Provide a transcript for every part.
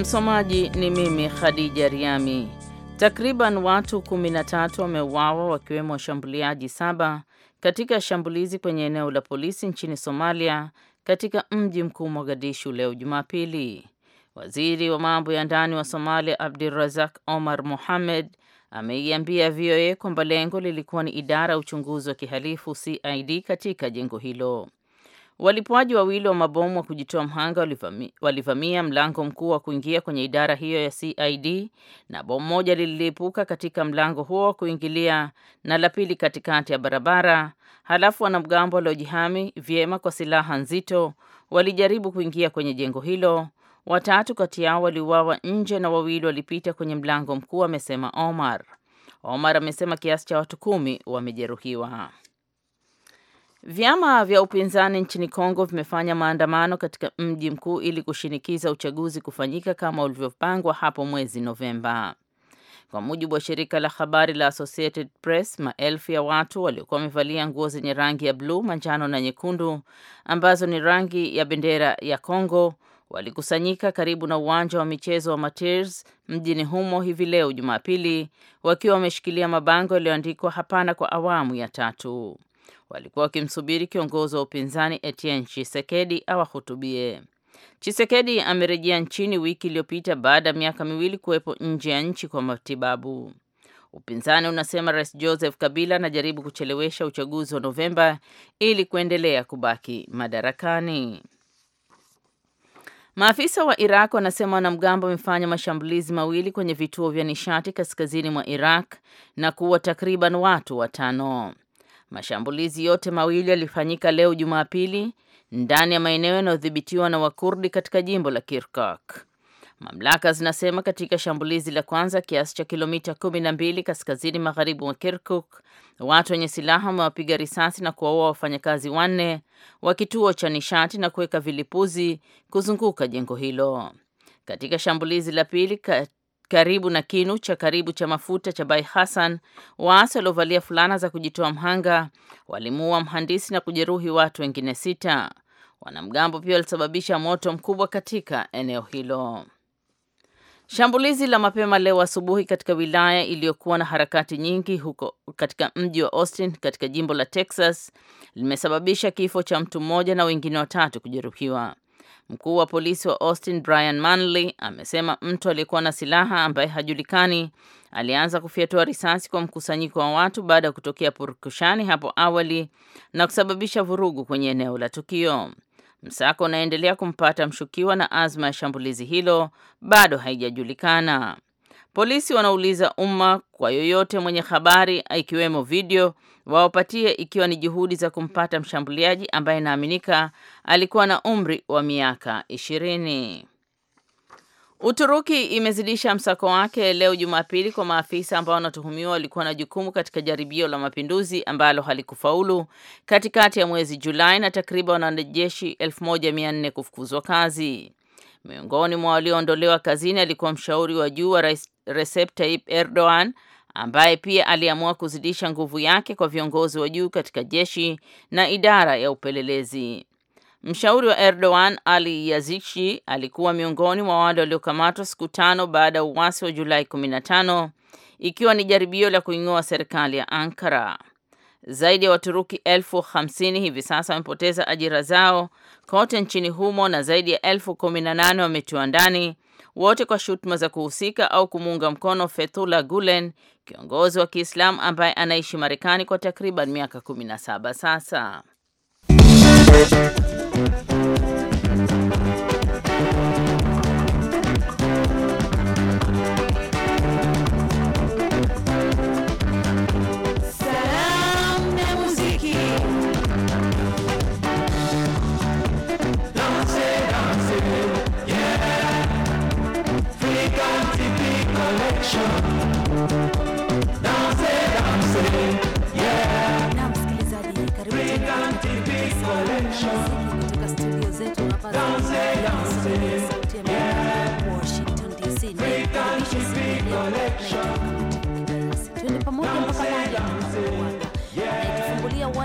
Msomaji ni mimi Khadija Riami. Takriban watu 13 wameuawa wakiwemo washambuliaji saba katika shambulizi kwenye eneo la polisi nchini Somalia katika mji mkuu Mogadishu leo Jumapili. Waziri wa mambo ya ndani wa Somalia Abdirazak Omar Mohamed ameiambia VOA kwamba lengo lilikuwa ni idara ya uchunguzi wa kihalifu CID katika jengo hilo. Walipuaji wawili wa mabomu wa kujitoa mhanga walivamia mlango mkuu wa kuingia kwenye idara hiyo ya CID na bomu moja lililipuka katika mlango huo wa kuingilia na la pili katikati ya barabara. Halafu wanamgambo waliojihami vyema kwa silaha nzito walijaribu kuingia kwenye jengo hilo. Watatu kati yao waliuawa nje na wawili walipita kwenye mlango mkuu, amesema Omar. Omar amesema kiasi cha watu kumi wamejeruhiwa. Vyama vya upinzani nchini Kongo vimefanya maandamano katika mji mkuu ili kushinikiza uchaguzi kufanyika kama ulivyopangwa hapo mwezi Novemba. Kwa mujibu wa shirika la habari la Associated Press, maelfu ya watu waliokuwa wamevalia nguo zenye rangi ya bluu, manjano na nyekundu ambazo ni rangi ya bendera ya Kongo walikusanyika karibu na uwanja wa michezo wa matirs mjini humo hivi leo Jumapili, wakiwa wameshikilia mabango yaliyoandikwa hapana kwa awamu ya tatu walikuwa wakimsubiri kiongozi wa upinzani Etienne chisekedi awahutubie. chisekedi amerejea nchini wiki iliyopita baada ya miaka miwili kuwepo nje ya nchi kwa matibabu. Upinzani unasema Rais Joseph Kabila anajaribu kuchelewesha uchaguzi wa Novemba ili kuendelea kubaki madarakani. Maafisa wa Iraq wanasema wanamgambo wamefanya mashambulizi mawili kwenye vituo vya nishati kaskazini mwa Iraq na kuua takriban watu watano. Mashambulizi yote mawili yalifanyika leo Jumapili ndani ya maeneo yanayodhibitiwa na Wakurdi katika jimbo la Kirkuk. Mamlaka zinasema katika shambulizi la kwanza kiasi cha kilomita kumi na mbili kaskazini magharibi mwa Kirkuk, watu wenye silaha wamewapiga risasi na kuwaua wafanyakazi wanne wa kituo cha nishati na kuweka vilipuzi kuzunguka jengo hilo. Katika shambulizi la pili karibu na kinu cha karibu cha mafuta cha Bai Hassan, waasi waliovalia fulana za kujitoa mhanga walimuua mhandisi na kujeruhi watu wengine sita. Wanamgambo pia walisababisha moto mkubwa katika eneo hilo. Shambulizi la mapema leo asubuhi katika wilaya iliyokuwa na harakati nyingi huko katika mji wa Austin katika jimbo la Texas limesababisha kifo cha mtu mmoja na wengine watatu kujeruhiwa. Mkuu wa polisi wa Austin Brian Manley amesema mtu aliyekuwa na silaha ambaye hajulikani alianza kufyatua risasi kwa mkusanyiko wa watu baada ya kutokea purukushani hapo awali na kusababisha vurugu kwenye eneo la tukio. Msako unaendelea kumpata mshukiwa na azma ya shambulizi hilo bado haijajulikana. Polisi wanauliza umma kwa yoyote mwenye habari ikiwemo video wawapatie, ikiwa ni juhudi za kumpata mshambuliaji ambaye inaaminika alikuwa na umri wa miaka ishirini. Uturuki imezidisha msako wake leo Jumapili kwa maafisa ambao wanatuhumiwa walikuwa na jukumu katika jaribio la mapinduzi ambalo halikufaulu katikati ya mwezi Julai na takriban wanajeshi 1400 kufukuzwa kazi. Miongoni mwa walioondolewa kazini alikuwa mshauri wa juu wa Rais Recep Tayyip Erdogan ambaye pia aliamua kuzidisha nguvu yake kwa viongozi wa juu katika jeshi na idara ya upelelezi. Mshauri wa Erdogan Ali Yazici alikuwa miongoni mwa wale waliokamatwa siku tano baada ya uasi wa Julai 15 ikiwa ni jaribio la kuing'oa serikali ya Ankara. Zaidi ya Waturuki elfu hamsini hivi sasa wamepoteza ajira zao kote nchini humo na zaidi ya elfu kumi na nane wametiwa ndani, wote kwa shutuma za kuhusika au kumuunga mkono Fethullah Gulen, kiongozi wa Kiislamu ambaye anaishi Marekani kwa takriban miaka 17 sasa.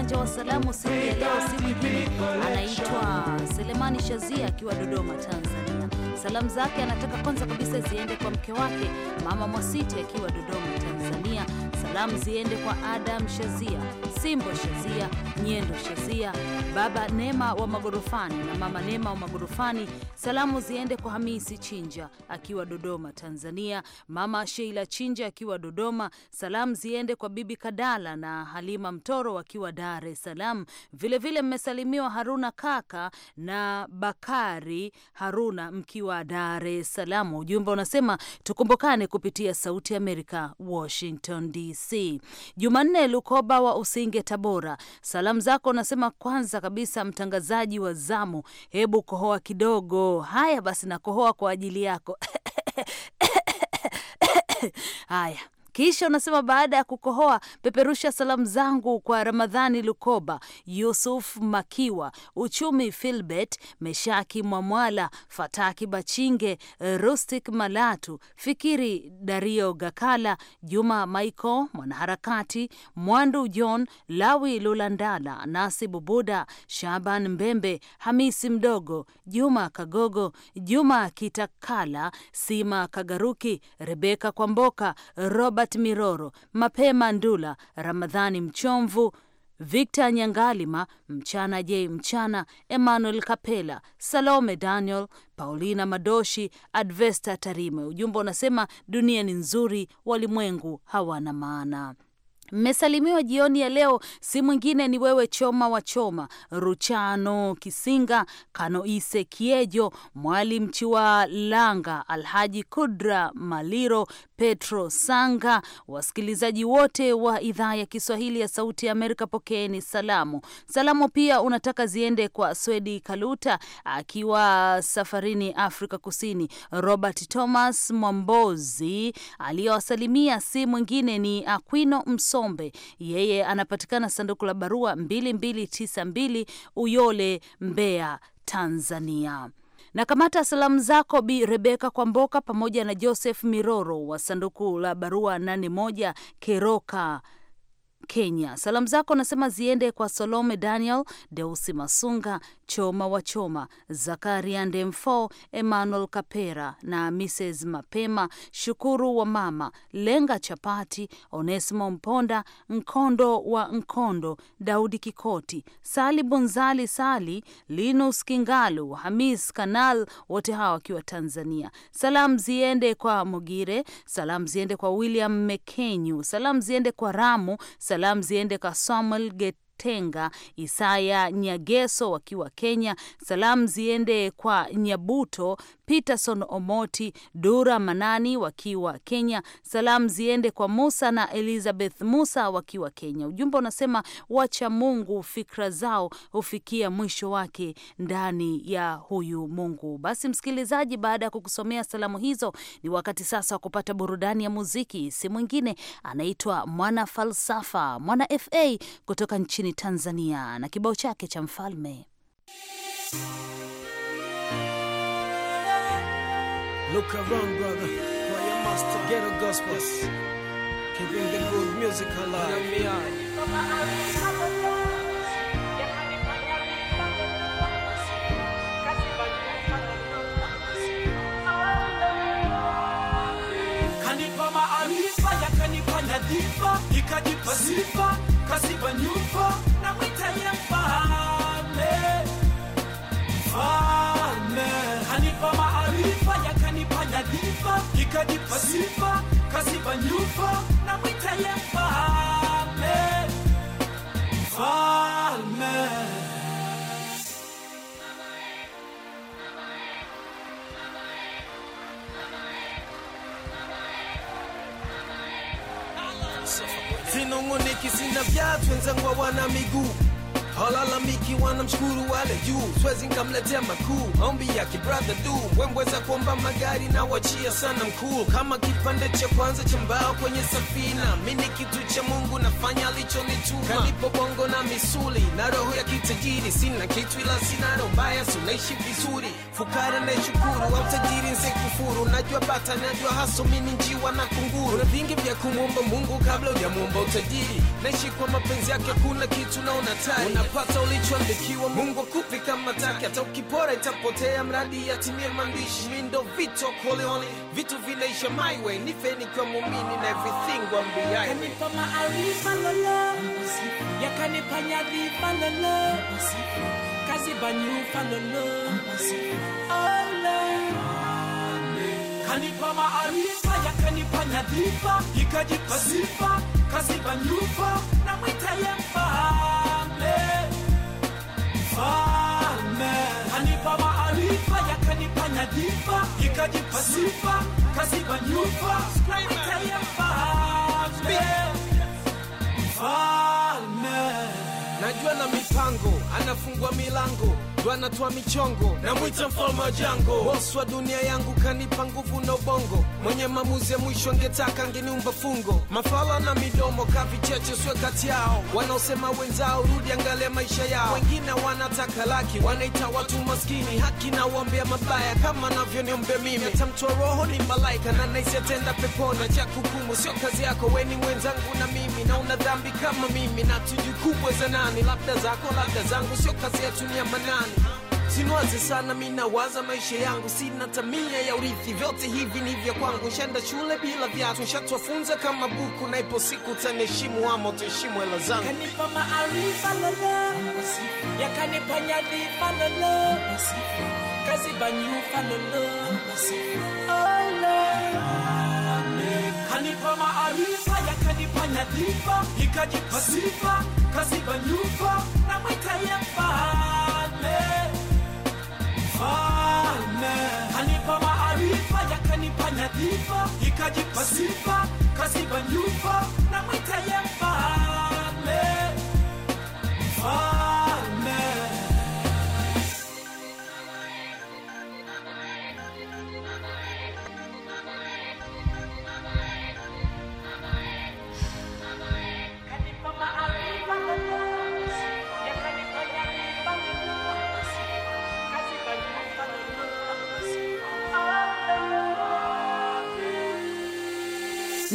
uwanja wa salamu siku ya leo, siku hii. Anaitwa Selemani Shazia akiwa Dodoma, Tanzania. Salamu zake anataka kwanza kabisa ziende kwa mke wake Mama Mwasiti akiwa Dodoma, Tanzania. Salamu ziende kwa Adam Shazia Simbo Shazia, Nyendo Shazia, baba Nema wa Magorofani na mama Nema wa Magorofani. Salamu ziende kwa Hamisi Chinja akiwa Dodoma, Tanzania, mama Sheila Chinja akiwa Dodoma. Salamu ziende kwa bibi Kadala na Halima Mtoro akiwa Dar es Salaam. Vilevile mmesalimiwa Haruna kaka na Bakari Haruna mkiwa Dar es Salaam. Ujumbe unasema tukumbukane kupitia Sauti ya Amerika, Washington DC. Jumanne Lukoba wa Usingi Mwenge, Tabora. Salamu zako unasema kwanza kabisa mtangazaji wa zamu, hebu kohoa kidogo. Haya basi, nakohoa kwa ajili yako haya kisha unasema baada ya kukohoa, peperusha salamu zangu kwa Ramadhani Lukoba, Yusuf Makiwa, Uchumi Filbert, Meshaki Mwamwala, Fataki Bachinge, Rustic Malatu, Fikiri Dario Gakala, Juma Maiko, mwanaharakati, Mwandu John, Lawi Lulandala, Nasibu Buda, Shaban Mbembe, Hamisi Mdogo, Juma Kagogo, Juma Kitakala, Sima Kagaruki, Rebeka Kwamboka, Robert Robert Miroro, Mapema Ndula, Ramadhani Mchomvu, Victor Nyangalima, Mchana J Mchana, Emmanuel Kapela, Salome Daniel, Paulina Madoshi, Advesta Tarime. Ujumbe unasema dunia ni nzuri, walimwengu hawana maana. Mmesalimiwa jioni ya leo, si mwingine ni wewe Choma wa Choma, Ruchano Kisinga, Kanoise Kiejo, Mwalim langa Alhaji Kudra Maliro, Petro Sanga. Wasikilizaji wote wa idhaa ya Kiswahili ya Sauti ya Amerika, pokeeni salamu. Salamu pia unataka ziende kwa Swedi Kaluta akiwa safarini Afrika Kusini, Robert Thomas Mwambozi aliyowasalimia si mwingine ni Aquino Mso Sombe, yeye anapatikana sanduku la barua 2292 Uyole, Mbeya, Tanzania. Na kamata salamu zako Bi Rebeka Kwamboka pamoja na Joseph Miroro wa sanduku la barua 81 Keroka Kenya. Salamu zako anasema ziende kwa Salome Daniel, Deusi Masunga, Choma wa Choma, Zakaria Ndemfo, Emmanuel Kapera na Mrs Mapema, Shukuru wa Mama Lenga, Chapati, Onesimo Mponda, Nkondo wa Nkondo, Daudi Kikoti, Sali Bunzali, Sali Linus Kingalu, Hamis Kanal, wote hawa wakiwa Tanzania. Salamu ziende kwa Mogire, salamu ziende kwa William Mekenyu, salamu ziende kwa Ramu, Salamu ziende Samuel get Tenga, Isaya Nyageso wakiwa Kenya. Salamu ziende kwa Nyabuto Peterson Omoti, Dura Manani wakiwa Kenya. Salamu ziende kwa Musa na Elizabeth Musa wakiwa Kenya. Ujumbe unasema wacha Mungu fikra zao hufikia mwisho wake ndani ya huyu Mungu. Basi msikilizaji, baada ya kukusomea salamu hizo, ni wakati sasa wa kupata burudani ya muziki. Si mwingine anaitwa Mwana Falsafa, Mwana FA kutoka nchini nchini Tanzania na kibao chake cha mfalme Kanipa maarifa nadhifa, nikajipa sifa, kaziba nyufa, na mwitaye mfalme. Mfalme kanipa maarifa, yakanipa nyadhifa, nikajipa sifa, kaziba nyufa, na mwitaye mfalme. Mfalme haki sina viatu, wenzangu hawana miguu halalamiki wanamshukuru wale juu, swezi nkamletea makuu maombi ya brother du wembweza kuomba magari na wachia sana mkuu, kama kipande cha kwanza cha mbao kwenye safina. mini kitu cha Mungu, nafanya alichonituma. Kalipo bongo na misuli na roho ya kitajiri, sina kitu ila sinaro mbaya, sunaishi vizuri fukara na shukuru wamtajiri nse kufuru najua bata najua haso mini njiwa na kunguru na vingi vya kumwomba mungu kabla hujamuomba utajiri naishi kwa mapenzi yake kuna kitu na unatari unapata ulichoandikiwa mungu akupe kama taki hata ukipora itapotea mradi yatimie maandishi mindo vito koleone vitu vinaisha my ni feni kwa mumini na everything wambiae kanipa maarifa lolo yakanipa lolo banyifana kanipa maarifa yakanipa nyadhifa ikajipa sifa kaziba nyufa na mwitaye mfalme mfalme kanipa maarifa yakanipa nyadhifa ikajipa sifa kaziba nyufa na mwitaye anafungua milango wanatwa michongo, namwita mfalme wa jango, bosi wa dunia yangu, kanipa nguvu na ubongo, mwenye mamuzi ya mwisho, angetaka angeniumba fungo. Mafala na midomo kavicheche, swe kati yao, wanaosema wenzao rudi, angalia maisha yao. Wengine wanataka laki, wanaita watu maskini, haki na uombea mabaya, kama navyoniombea mimi. tamtwa roho ni malaika na naisi atenda pepona, cha kukumu sio kazi yako, weni wenzangu na mimi, na una dhambi kama mimi, na tujukubwe za nani? Labda zako labda zangu, sio kazi yetu, ni amanani Siwazi sana mina waza maisha yangu, sina tamia ya urithi, vyote hivi ni vya kwangu. Shenda shule bila vyatu nshatwafunza kama buku, na ipo siku utaniheshimu ama utaheshimu hela zangu. Kanipa maarifa lolo, lolo, kazi banyufa lolo, kanipa maarifa na mwaita yemba mfalme, kanipa maarifa, yakanipa nyadhifa, ikajipa sifa, kaziba nyufa, namwita ye mfalme, mfalme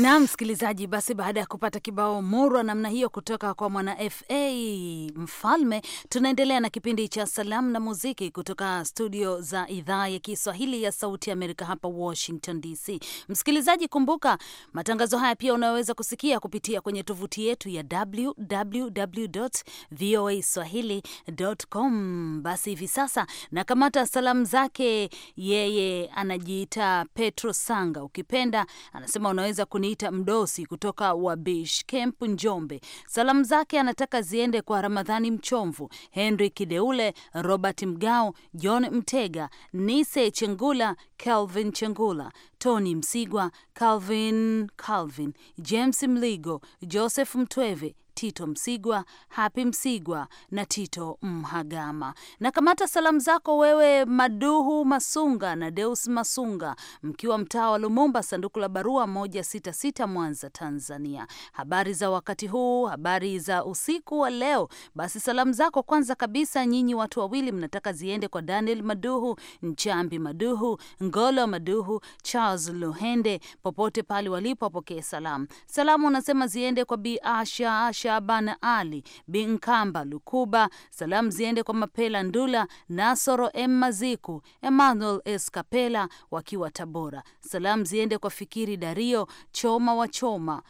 na msikilizaji, basi baada ya kupata kibao murwa namna hiyo kutoka kwa mwana fa Mfalme, tunaendelea na kipindi cha salamu na muziki kutoka studio za idhaa ya Kiswahili ya Sauti Amerika hapa Washington DC. Msikilizaji, kumbuka matangazo haya pia unaweza kusikia kupitia kwenye tovuti yetu ya www voa swahili.com. Basi hivi sasa nakamata salamu zake, yeye anajiita Petro Sanga, ukipenda anasema unaweza kuni Peter Mdosi kutoka Wabish Camp Njombe. Salamu zake anataka ziende kwa Ramadhani Mchomvu, Henry Kideule, Robert Mgao, John Mtega, Nise Chengula, Calvin Chengula, Tony Msigwa, Calvin Calvin, James Mligo, Joseph Mtweve Tito Msigwa, Happy Msigwa na Tito Mhagama. Na kamata salamu zako wewe Maduhu Masunga na Deus Masunga mkiwa mtaa wa Lumumba, sanduku la barua 166 Mwanza, Tanzania. Habari za wakati huu, habari za usiku wa leo. Basi salamu zako kwanza kabisa, nyinyi watu wawili mnataka ziende kwa Daniel Maduhu, Nchambi Maduhu, Ngolo Maduhu, Charles Luhende, popote pale walipo wapokee salamu. Salamu unasema ziende kwa Bi Asha Asha Shaban Ali, Binkamba Lukuba. Salamu ziende kwa Mapela Ndula, Nasoro M Maziku, Emmanuel S Kapela wakiwa Tabora. Salamu ziende kwa Fikiri Dario Choma wa Choma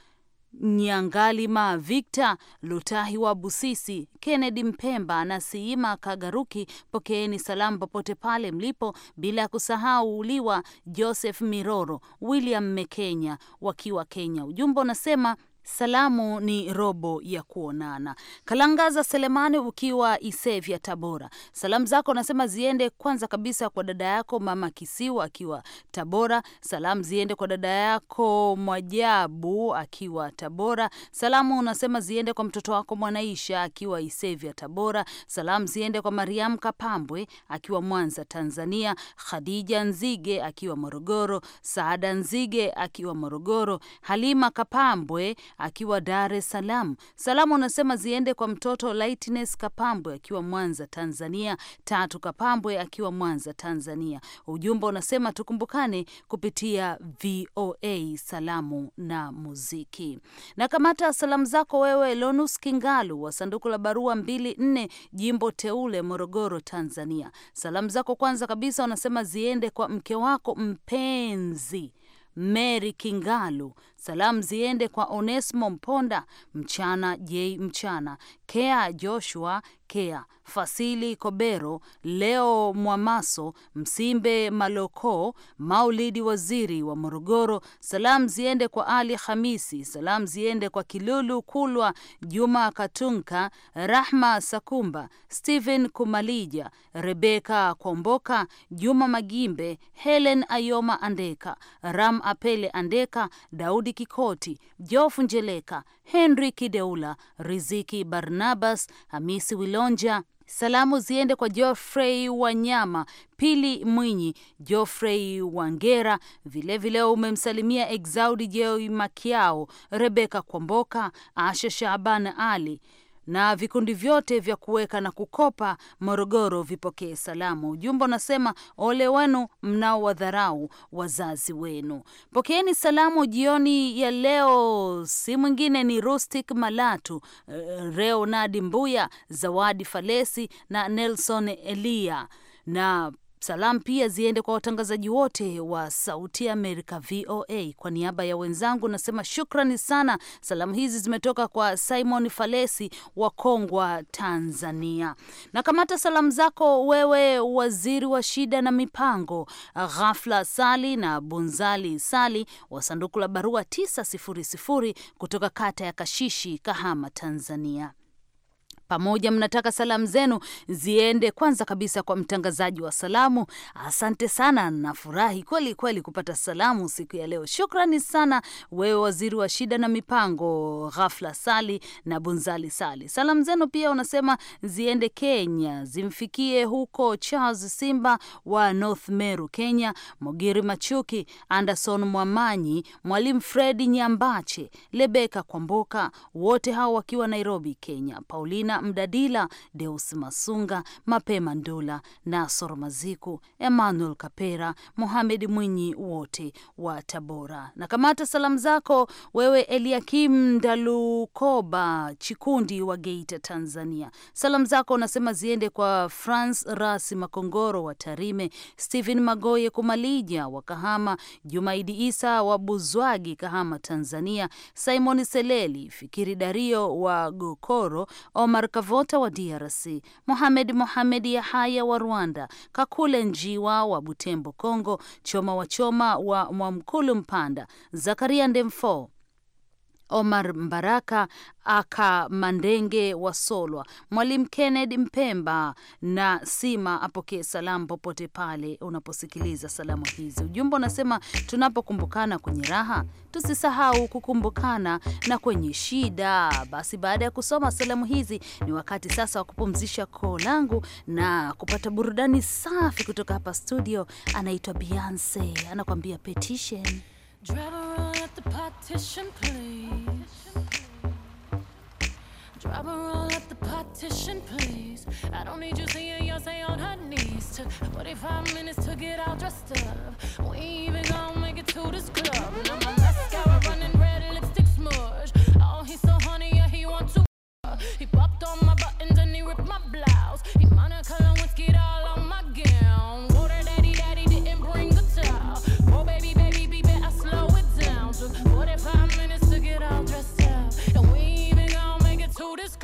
Nyangalima Victor Lutahi wa Busisi, Kennedy Mpemba na Siima Kagaruki, pokeeni salamu popote pale mlipo, bila ya kusahau uliwa Joseph Miroro, William Mekenya wakiwa Kenya. Ujumbe unasema salamu ni robo ya kuonana. Kalangaza Selemani, ukiwa Isevya, Tabora, salamu zako nasema ziende kwanza kabisa kwa dada yako mama Kisiwa akiwa Tabora. Salamu ziende kwa dada yako Mwajabu akiwa Tabora. Salamu unasema ziende kwa mtoto wako Mwanaisha akiwa Isevya, Tabora. Salamu ziende kwa Mariam Kapambwe akiwa Mwanza, Tanzania. Khadija Nzige akiwa Morogoro. Saada Nzige akiwa Morogoro. Halima Kapambwe akiwa Dar es Salaam. Salamu anasema ziende kwa mtoto Lightness Kapambwe akiwa Mwanza, Tanzania. Tatu Kapambwe akiwa Mwanza, Tanzania. Ujumbe unasema tukumbukane kupitia VOA salamu na muziki. Na kamata salamu zako wewe Lonus Kingalu wa sanduku la barua 24 jimbo teule Morogoro, Tanzania. Salamu zako kwanza kabisa unasema ziende kwa mke wako mpenzi Mary Kingalu. Salamu ziende kwa onesimo Mponda, Mchana J Mchana, Kea Joshua Kea, Fasili Kobero, Leo Mwamaso, Msimbe Maloko, Maulidi Waziri wa Morogoro. Salamu ziende kwa Ali Hamisi. Salamu ziende kwa Kilulu Kulwa, Juma Katunka, Rahma Sakumba, Stephen Kumalija, Rebeka Kwamboka, Juma Magimbe, Helen Ayoma Andeka, Ram Apele Andeka, Daudi Kikoti, Jofu Njeleka, Henry Kideula, Riziki Barnabas, Hamisi Wilonja. Salamu ziende kwa Geoffrey Wanyama, Pili Mwinyi, Geoffrey Wangera, vilevile umemsalimia Exaudi Jeo Makiao, Rebeka Kwamboka, Asha Shaban Ali, na vikundi vyote vya kuweka na kukopa Morogoro vipokee salamu. Ujumbe unasema ole wenu mnaowadharau wazazi wenu. Pokeeni salamu jioni ya leo, si mwingine ni Rustic Malatu, eh, Reonadi Mbuya, Zawadi Falesi na Nelson Elia na Salamu pia ziende kwa watangazaji wote wa Sauti ya Amerika VOA. Kwa niaba ya wenzangu nasema shukrani sana. Salamu hizi zimetoka kwa Simon Falesi wa Kongwa, Tanzania. Na kamata salamu zako wewe, waziri wa shida na mipango Ghafla Sali na Bunzali Sali wa sanduku la barua 900 kutoka kata ya Kashishi, Kahama, Tanzania pamoja mnataka salamu zenu ziende kwanza kabisa kwa mtangazaji wa salamu. Asante sana, nafurahi kweli kweli kupata salamu siku ya leo. Shukrani sana wewe, waziri wa shida na mipango Ghafla Sali na Bunzali Sali. Salamu zenu pia unasema ziende Kenya, zimfikie huko Charles Simba wa North Meru, Kenya, Mogiri Machuki, Anderson Mwamanyi, Mwalimu Fredi Nyambache, Lebeka Kwamboka, wote hao wakiwa Nairobi, Kenya, Paulina Mdadila, Deus Masunga, Mapema Ndula, Nasor Maziku, Emmanuel Kapera, Mohamed Mwinyi, wote wa Tabora. Na kamata salamu zako wewe Eliakim Dalukoba Chikundi wa Geita, Tanzania. Salamu zako unasema ziende kwa France Rasi Makongoro wa Tarime, Stephen Magoye Kumalija wa Kahama, Jumaidi Isa wa Buzwagi, Kahama, Tanzania, Simon Seleli, Fikiri Dario wa Gokoro, Omar Vota wa DRC, Mohamed Mohamed Yahaya wa Rwanda, Kakule Njiwa wa Butembo Kongo, Choma wa Choma wa Mwamkulu Mpanda, Zakaria Ndemfo Omar Mbaraka aka Mandenge Wasolwa, Mwalimu Kennedy Mpemba na Sima apokee salamu popote pale unaposikiliza salamu hizi. Ujumbe unasema tunapokumbukana kwenye raha, tusisahau kukumbukana na kwenye shida. Basi baada ya kusoma salamu hizi, ni wakati sasa wa kupumzisha koo langu na kupata burudani safi kutoka hapa studio. Anaitwa Beyonce anakuambia petition. Drive around at the partition, please. Drive around at the partition, please. I don't need you seeing Yonsei on her knees. Took 45 minutes to get all dressed up. We ain't even gonna make it to this club. Now my mascara running red, lipstick smudge. Oh, he's so honey, yeah, he wants to. He popped on my buttons and he ripped my blouse. He monocle and whiskey all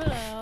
Hello.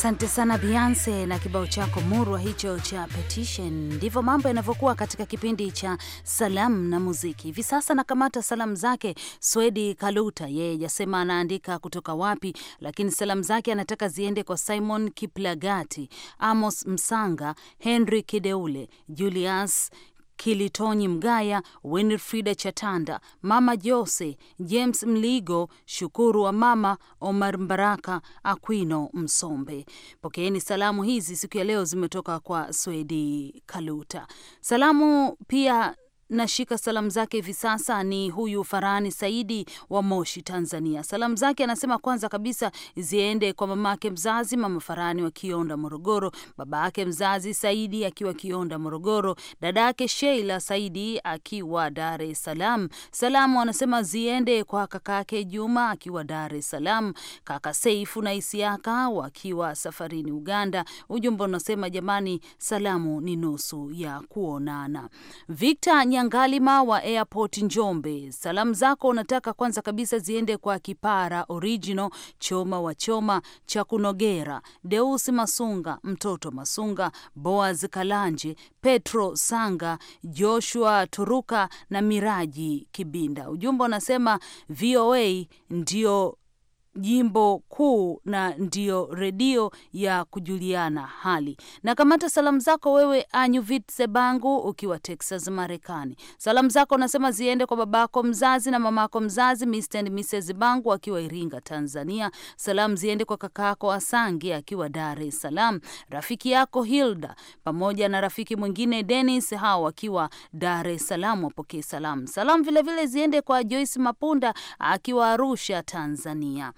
Asante sana Beyonce na kibao chako murwa hicho cha Petition. Ndivyo mambo yanavyokuwa katika kipindi cha salamu na muziki. Hivi sasa nakamata salamu zake Swedi Kaluta, yeye jasema anaandika kutoka wapi, lakini salamu zake anataka ziende kwa Simon Kiplagati, Amos Msanga, Henry Kideule, Julius Kilitoni Mgaya, Winfrida Chatanda, Mama Jose, James Mligo, Shukuru wa Mama, Omar Mbaraka, Aquino Msombe. Pokeeni salamu hizi siku ya leo, zimetoka kwa Swedi Kaluta. Salamu pia nashika salamu zake hivi sasa ni huyu Farani Saidi wa Moshi, Tanzania. Salamu zake anasema kwanza kabisa ziende kwa mamake mzazi, mama Farani wa Kionda, Morogoro, yake mzazi Saidi akiwa Kionda, Morogoro, dada yake Sheila Saidi akiwa Dar es Salaam. Salamu anasema ziende kwa kakake Juma akiwa Dar es Salaam, kaka Seifu na Isiaka wakiwa safarini Uganda. Ujumbe unasema jamani, salamu ni nusu ya kuonana. Victor Maria wa Airport Njombe, salamu zako unataka kwanza kabisa ziende kwa Kipara Original, Choma wa Choma, cha kunogera Deus Masunga, Mtoto Masunga, Boaz Kalanje, Petro Sanga, Joshua Turuka na Miraji Kibinda. Ujumbe unasema VOA ndio jimbo kuu na ndio redio ya kujuliana hali. Na kamata salamu zako wewe, Anyuvit Sebangu, ukiwa Texas, Marekani. Salamu zako unasema ziende kwa babako mzazi na mamako mzazi, Mr and Mrs Bangu akiwa Iringa, Tanzania. Salamu ziende kwa kakako Asange akiwa Dar es Salaam, rafiki yako Hilda pamoja na rafiki mwingine Denis, hao akiwa Dar es Salaam, wapokee salamu. Salamu vilevile ziende kwa Joyce Mapunda akiwa Arusha, Tanzania.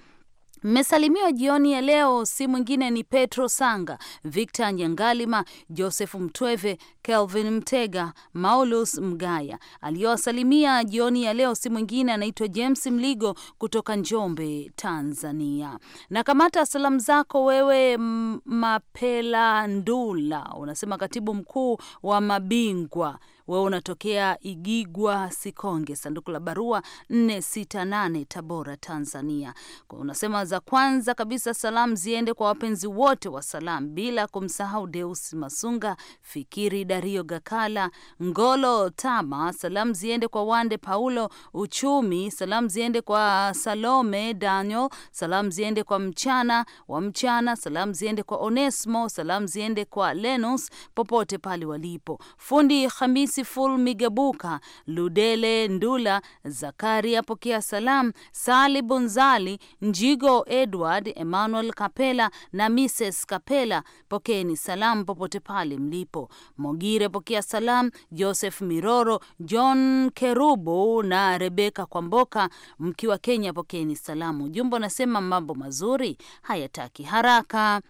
Mmesalimiwa jioni ya leo, si mwingine ni Petro Sanga, Victor Nyangalima, Joseph Mtweve, Kelvin Mtega, Maulus Mgaya. Aliyowasalimia jioni ya leo si mwingine anaitwa James Mligo kutoka Njombe, Tanzania. Na kamata salamu zako wewe, Mapela Ndula, unasema katibu mkuu wa mabingwa wewe unatokea Igigwa Sikonge, sanduku la barua 468 Tabora, Tanzania. Kwa unasema za kwanza kabisa salamu ziende kwa wapenzi wote wa salamu bila kumsahau Deus Masunga, Fikiri Dario Gakala, Ngolo Tama. Salamu ziende kwa Wande Paulo Uchumi. Salamu ziende kwa Salome Daniel. Salamu ziende kwa Mchana wa Mchana. Salamu ziende kwa Onesmo. Salamu ziende kwa Lenus popote pale walipo. Fundi Fanciful Migebuka, Ludele Ndula, Zakaria Pokea Salam, Sali Bonzali, Njigo Edward, Emmanuel Kapela na Mrs Kapela, pokeni salam popote pale mlipo. Mogire Pokea Salam, Joseph Miroro, John Kerubu na Rebeka Kwamboka, mkiwa Kenya, pokeni salamu. Jumbo unasema mambo mazuri hayataki haraka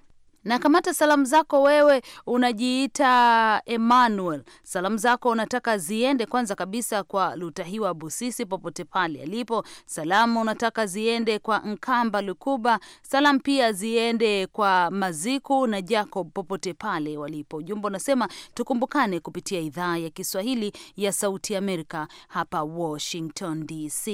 na kamata salamu zako wewe, unajiita Emmanuel. Salamu zako unataka ziende kwanza kabisa kwa Lutahiwa Busisi popote pale alipo. Salamu unataka ziende kwa Nkamba Lukuba. Salamu pia ziende kwa Maziku na Jacob popote pale walipo. Ujumbe unasema tukumbukane kupitia idhaa ya Kiswahili ya Sauti Amerika hapa Washington DC.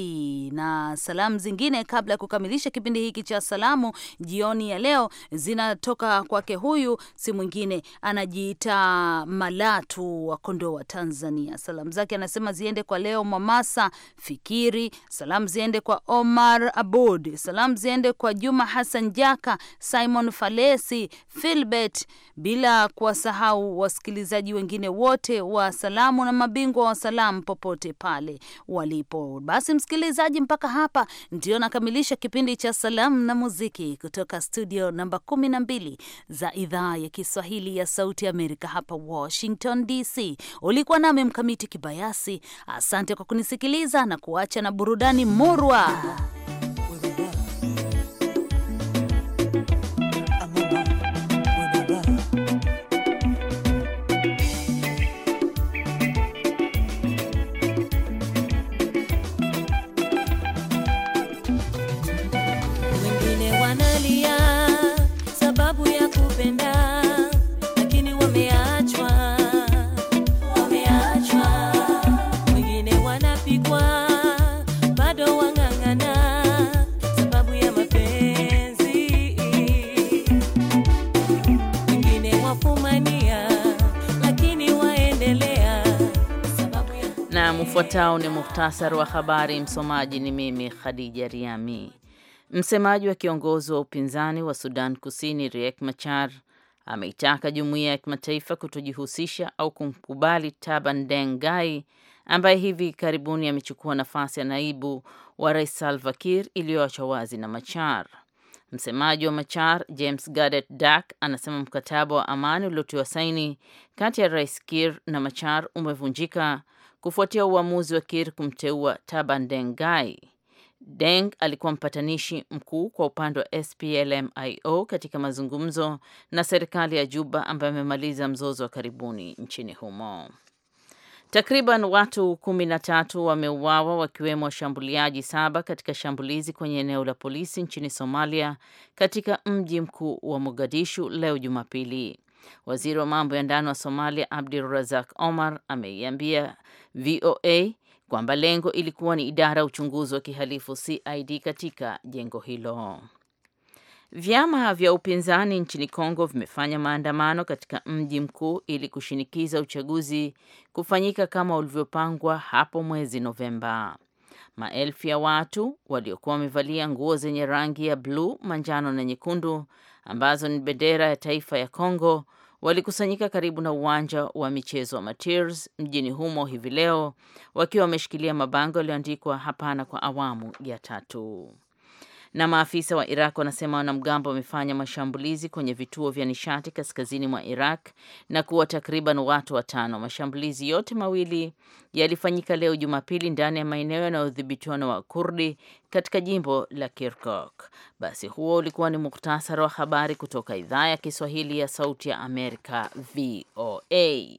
Na salamu zingine kabla ya kukamilisha kipindi hiki cha salamu jioni ya leo zinatoka kwake huyu si mwingine anajiita Malatu wa Kondoo wa Tanzania. Salamu zake anasema ziende kwa Leo Mwamasa Fikiri, salamu ziende kwa Omar Abud, salamu ziende kwa Juma Hassan Jaka, Simon Falesi, Filbert, bila kuwasahau wasikilizaji wengine wote wa salamu na mabingwa wa salamu popote pale walipo. Basi msikilizaji, mpaka hapa ndio nakamilisha kipindi cha salamu na muziki kutoka studio namba 12 za idhaa ya Kiswahili ya Sauti Amerika hapa Washington DC. Ulikuwa nami Mkamiti Kibayasi. Asante kwa kunisikiliza na kuacha na burudani murwa. Ufuatao ni muhtasari wa habari. Msomaji ni mimi Khadija Riami. Msemaji wa kiongozi wa upinzani wa Sudan Kusini Riek Machar ameitaka jumuiya ya kimataifa kutojihusisha au kumkubali Taban Deng Gai ambaye hivi karibuni amechukua nafasi ya naibu wa rais Salva Kiir iliyoachwa wazi na Machar. Msemaji wa Machar James Gadet Dak anasema mkataba wa amani uliotiwa saini kati ya rais Kiir na Machar umevunjika kufuatia uamuzi wa kir kumteua Taban Deng Gai. Deng alikuwa mpatanishi mkuu kwa upande wa splmio katika mazungumzo na serikali ya Juba ambayo amemaliza mzozo wa karibuni nchini humo. Takriban watu kumi na tatu wameuawa wakiwemo washambuliaji saba katika shambulizi kwenye eneo la polisi nchini Somalia katika mji mkuu wa Mogadishu leo Jumapili. Waziri wa mambo ya ndani wa Somalia Abdul Razak Omar ameiambia VOA kwamba lengo ilikuwa ni idara ya uchunguzi wa kihalifu CID katika jengo hilo. Vyama vya upinzani nchini Kongo vimefanya maandamano katika mji mkuu ili kushinikiza uchaguzi kufanyika kama ulivyopangwa hapo mwezi Novemba. Maelfu ya watu waliokuwa wamevalia nguo zenye rangi ya bluu, manjano na nyekundu ambazo ni bendera ya taifa ya Kongo walikusanyika karibu na uwanja wa michezo wa matirs mjini humo hivi leo wakiwa wameshikilia mabango yaliyoandikwa hapana kwa awamu ya tatu. Na maafisa wa Iraq wanasema wanamgambo wamefanya mashambulizi kwenye vituo vya nishati kaskazini mwa Iraq na kuwa takriban watu watano. Mashambulizi yote mawili yalifanyika leo Jumapili ndani ya maeneo yanayodhibitiwa na Wakurdi katika jimbo la Kirkuk. Basi huo ulikuwa ni muktasari wa habari kutoka idhaa ya Kiswahili ya Sauti ya Amerika, VOA.